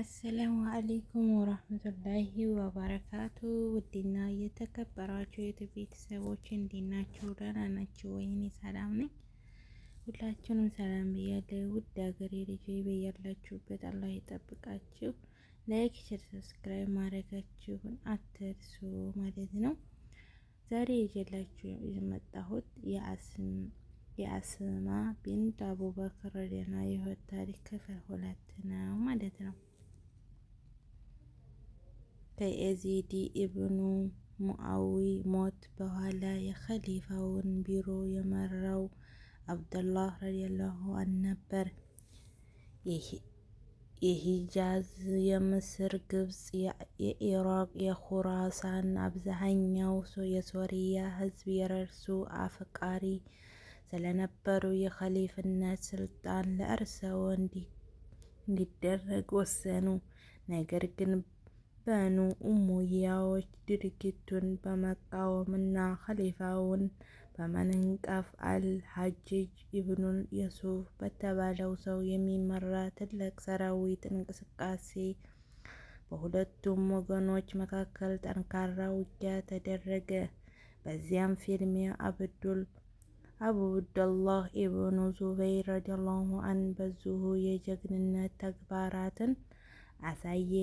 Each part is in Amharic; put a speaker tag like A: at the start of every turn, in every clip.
A: አሰላሙ አሌይኩም ወራህመቱላሂ ወበረካቱ። ውድና የተከበራችሁ የዩቲዩብ ቤተሰቦች እንዴት ናችሁ? ደህና ናችሁ ወይ? ሰላም ነኝ። ሁላችሁንም ሰላም ብያለሁ። ውድ ሀገሬ ልጅ በያላችሁበት አላህ ይጠብቃችሁ። ላይክ፣ ሼር፣ ሰብስክራይብ ማድረጋችሁን አትርሱ ማለት ነው። ዛሬ ይዤላችሁ የመጣሁት የአስማ ቢንት አቡበክር ረዲየላሁ ዐንሃ ታሪክ ክፍል ሁለት ነው ማለት ነው። ከየዚዲ ኢብኑ ሙአዊ ሞት በኋላ የኸሊፋውን ቢሮ የመራው አብደላህ ረዲየላሁ አን ነበር። የሂጃዝ፣ የምስር፣ ግብጽ የኢራቅ፣ የኹራሳን አብዛኛው የሶሪያ ህዝብ የረርሱ አፍቃሪ ስለነበሩ የኸሊፍነት ስልጣን ለእርሰው እንዲደረግ ወሰኑ። ነገር ግን በኑ ኡመያዎች ድርጊቱን በመቃወምና ኸሊፋውን በመንቀፍ አል-ሐጂጅ ኢብኑል ዩሱፍ በተባለው ሰው የሚመራ ትልቅ ሰራዊት እንቅስቃሴ በሁለቱም ወገኖች መካከል ጠንካራ ውጊያ ተደረገ። በዚያም ፍልሚያ አብደላህ ኢብኑ ዙበይር ረዲያላሁ አን በዙሁ የጀግንነት ተግባራትን አሳየ።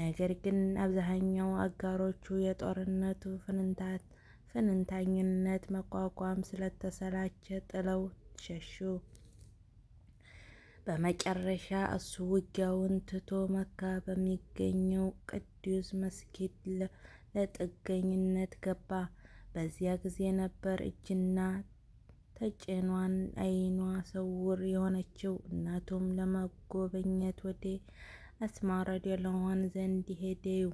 A: ነገር ግን አብዛኛው አጋሮቹ የጦርነቱ ፍንታት ፍንታኝነት መቋቋም ስለተሰላቸ ጥለው ሸሹ። በመጨረሻ እሱ ውጊያውን ትቶ መካ በሚገኘው ቅዱስ መስጊድ ለጥገኝነት ገባ። በዚያ ጊዜ ነበር እጅና ተጭኗን አይኗ ስውር የሆነችው። እናቱም ለመጎብኘት ወደ አስማ ረዲየላሁ ዐንሃ ዘንድ ሄደው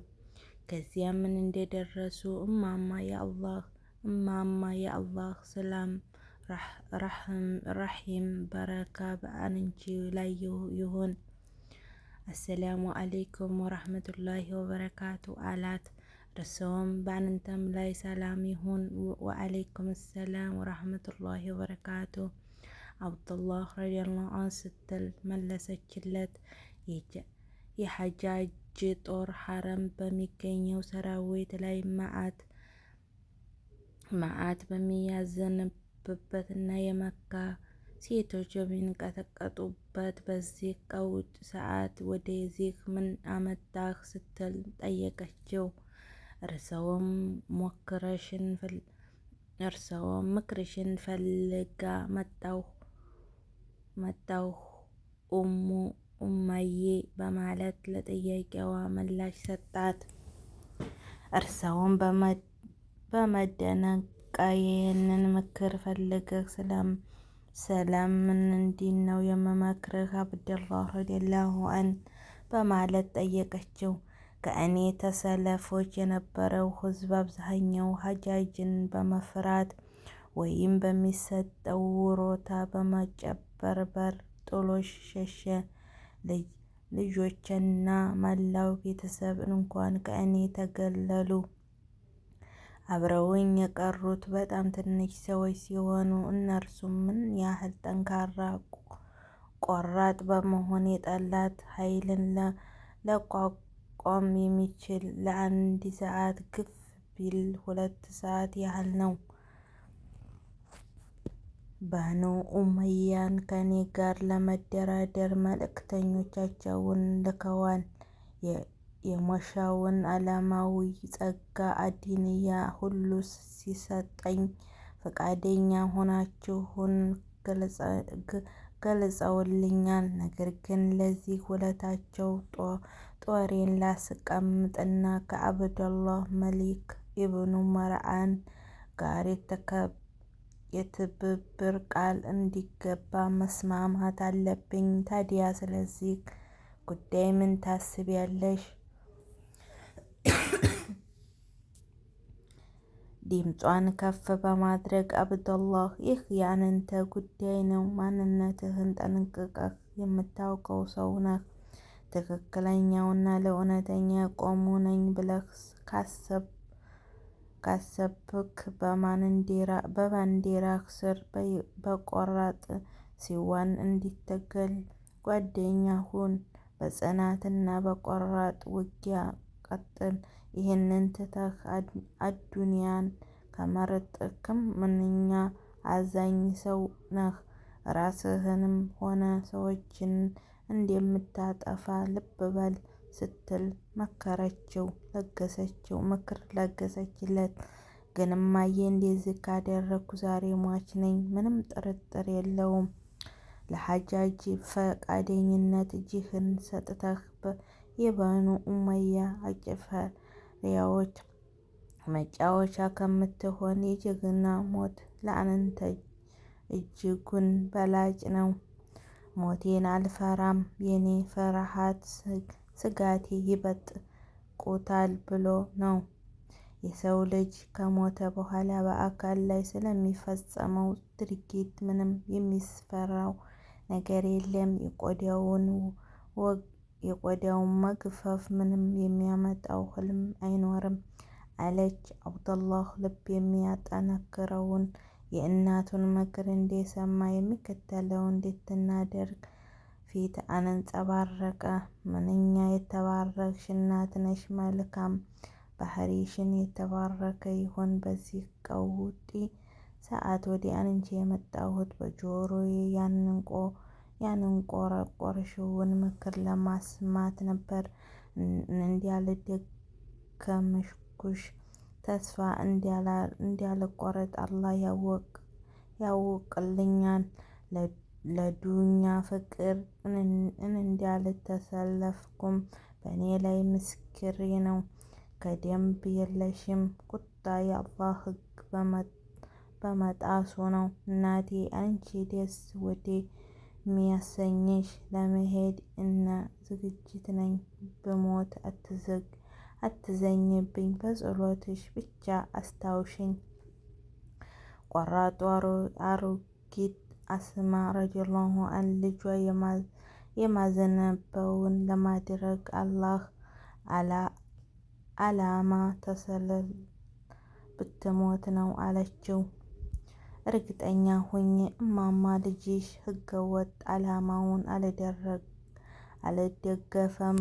A: ከዚያ ምን እንደደረሱ እማማ ያአላህ እማማ ያአላህ ሰላም ራሒም በረካ በአንቺ ላይ ይሁን። አሰላሙ አለይኩም ወራህመቱላሂ ወበረካቱ አላት። እርሰውም በአንተም ላይ ሰላም ይሁን። ወአለይኩም ሰላም ወራህመቱላሂ ወበረካቱ። አብዱላህ ረዲየላሁ ዐንሁ ስትል መለሰችለት። የሐጃጅ ጦር ሐረም በሚገኘው ሰራዊት ላይ መዓት መዓት በሚያዘንብበትና የመካ ሴቶች በሚንቀጠቀጡበት በዚህ ቀውጥ ሰዓት ወደዚህ ምን አመጣህ ስትል ጠየቀችው። እርሰውም ሞክረሽን እርሰውም ምክርሽን ፈልጋ መጣሁ መጣሁ ኡሙ ኡማዬ በማለት ለጥያቄዋ ምላሽ ሰጣት። እርሰውም በመደነቅ ይህንን ምክር ፈልገህ ስለምን እንዲ ነው የምመክርህ አብደላህ ረዲየላሁ አን በማለት ጠየቀችው። ከእኔ ተሰለፎች የነበረው ህዝብ አብዛኛው ሀጃጅን በመፍራት ወይም በሚሰጠው ውሮታ በመጨበርበር ጥሎሽ ሸሸ። ልጆችና መላው ቤተሰብ እንኳን ከእኔ ተገለሉ። አብረውኝ የቀሩት በጣም ትንሽ ሰዎች ሲሆኑ እነርሱም ምን ያህል ጠንካራ፣ ቆራጥ በመሆን የጠላት ኃይልን ለቋቋም የሚችል ለአንድ ሰዓት ግፍ ቢል ሁለት ሰዓት ያህል ነው። ባኑ ኡመያን ከኔ ጋር ለመደራደር መልእክተኞቻቸውን ልከዋል። የሞሻውን አላማዊ ጸጋ አዲንያ ሁሉ ሲሰጠኝ ፈቃደኛ ሆናችሁን ገልጸውልኛል። ነገር ግን ለዚህ ውለታቸው ጦሬን ላስቀምጥና ከአብደላህ መሊክ ኢብኑ መርዓን ጋር የትብብር ቃል እንዲገባ መስማማት አለብኝ። ታዲያ ስለዚህ ጉዳይ ምን ታስቢያለሽ? ድምጿን ከፍ በማድረግ አብደላህ ይህ የአንተ ጉዳይ ነው። ማንነትህን ጠንቅቀህ የምታውቀው ሰው ነህ። ትክክለኛውና ለእውነተኛ ቆሙ ነኝ ብለህ ካሰብ ካሰብክ በባንዲራህ ስር በቆራጥ ሲዋን እንዲተገል ጓደኛ ሁን። በጽናትና በቆራጥ ውጊያ ቀጥል። ይህንን ትተህ አዱንያን ከመረጥክም ምንኛ አዛኝ ሰው ነህ! ራስህንም ሆነ ሰዎችን እንደምታጠፋ ልብ በል። ስትል መከረችው፣ ለገሰችው፣ ምክር ለገሰችለት። ግን እማዬ እንደዚህ ካደረግኩ ዛሬ ሟች ነኝ፣ ምንም ጥርጥር የለውም። ለሐጃጅ ፈቃደኝነት እጅህን ሰጥተህ የበኑ ኡመያ አጨፈሪያዎች መጫወቻ ከምትሆን የጀግና ሞት ለአንተ እጅጉን በላጭ ነው። ሞቴን አልፈራም የኔ ፍርሃት ስግ ስጋቴ ይበጥቁታል ብሎ ነው። የሰው ልጅ ከሞተ በኋላ በአካል ላይ ስለሚፈጸመው ድርጊት ምንም የሚፈራው ነገር የለም። የቆዳውን መግፈፍ ምንም የሚያመጣው ህልም አይኖርም አለች። አብደላህ ልብ የሚያጠነክረውን የእናቱን ምክር እንደሰማ እንዴት እናደርግ? ፊት አነንጸባረቀ። ምንኛ የተባረክሽ እናት ነሽ! መልካም ባህሪሽን የተባረከ ይሆን! በዚህ ቀውጢ ሰዓት ወደ አንቺ የመጣሁት በጆሮዬ ያንንቆረቆርሽውን ምክር ለማስማት ነበር። እንዳልደከምኩሽ፣ ተስፋ እንዳልቆርጥ አላህ ያውቅልኛል። ለዱኛ ፍቅር እንዳልተሰለፍኩም በእኔ ላይ ምስክሬ ነው። ከደንብ የለሽም ቁጣ የአላህ ሕግ በመጣሱ ነው። እናቴ አንቺ ደስ ወዴ የሚያሰኝሽ ለመሄድ እና ዝግጅት ነኝ። ብሞት አትዘኝብኝ፣ በጸሎትሽ ብቻ አስታውሽኝ። ቆራጡ አሮጊት አስማ ረዲየላሁ አን ልጇ የማዘነበውን ለማድረግ አላህ አላማ ተሰለል ብትሞት ነው አለችው። እርግጠኛ ሁኚ እማማ ልጅሽ ህገወጥ ዓላማውን አልደገፈም፣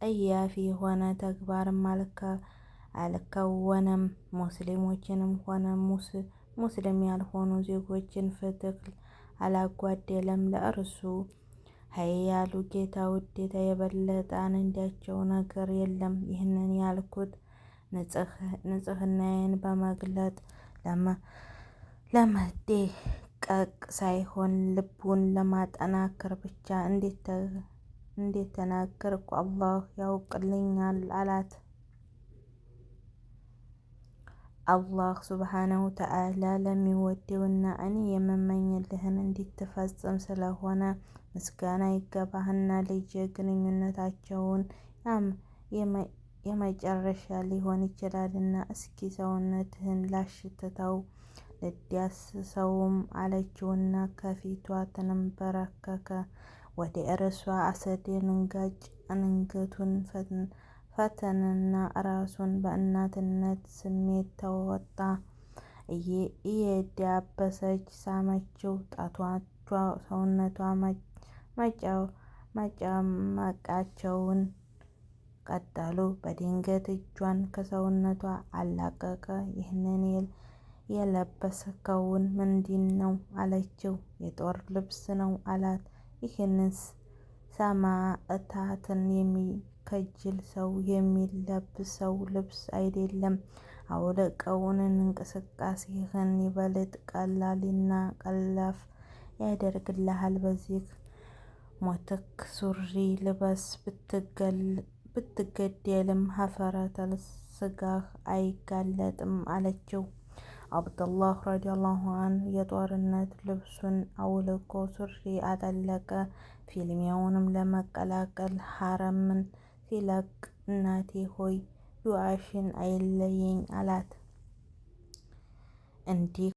A: ጸያፊ የሆነ ተግባርም አልከወነም። ሙስሊሞችንም ሆነ ሙስ! ሙስሊም ያልሆኑ ዜጎችን ፍትህ አላጓደለም ለእርሱ። ያሉ ጌታ ውዴታ የበለጠ አንዳቸው ነገር የለም። ይህንን ያልኩት ንጽህናዬን በመግለጥ ለመደቀቅ ሳይሆን ልቡን ለማጠናከር ብቻ ተናገርኩ? አላህ ያውቅልኛል አላት። አላህ ሱብሓነሁ ተዓላ ለሚወደውና እኔ የምመኝልህን እንዲትፈጽም ስለሆነ ምስጋና ይገባህና ልጄ ግንኙነታቸውን የመጨረሻ ሊሆን ይችላልና እስኪ ሰውነትህን ላሽትተው ልዳስሰውም አለችውና ከፊቷ ተንበረከከ። ወደ እርሷ አሰደንጋጭ አንገቱን ፈተነና ራሱን በእናትነት ስሜት ተወጣ። እየዳበሰች ሳመችው፣ ጣቶቿ ሰውነቷ መጫመቃቸውን ቀጠሉ። በድንገት እጇን ከሰውነቷ አላቀቀ። ይህንን የለበስከውን ምንድነው? አለችው። የጦር ልብስ ነው አላት። ይህንን ሰማዕታትን ከጅል ሰው የሚለብሰው ልብስ አይደለም። አውልቀውን እንቅስቃሴህን ይበልጥ ቀላልና ቀላፍ ያደርግልሃል። በዚህ ሞትክ ሱሪ ልበስ ብትገደልም ሀፈረተ ስጋህ አይጋለጥም አለችው። አብደላህ ረዲያላሁ አን የጦርነት ልብሱን አውልቆ ሱሪ አጠለቀ። ፊልሚያውንም ለመቀላቀል ሐረምን ሲለቅ እናቴ ሆይ ዱዓሽን አይለየኝ አላት። እንዲህ